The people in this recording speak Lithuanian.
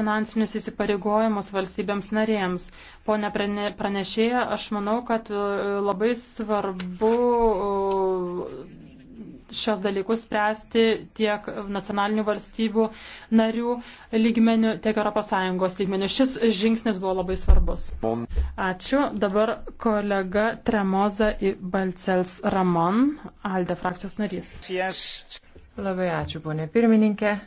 finansinius įsipareigojimus valstybėms narėms. Pone pranešėja, aš manau, kad e, labai svarbu e, šios dalykus spręsti tiek nacionalinių valstybių narių lygmenių, tiek ES lygmenių. Šis žingsnis buvo labai svarbus. Ačiū. Dabar kolega Tremoza į Balcels Ramon, Alde frakcijos narys. Labai ačiū, ponė pirmininkė.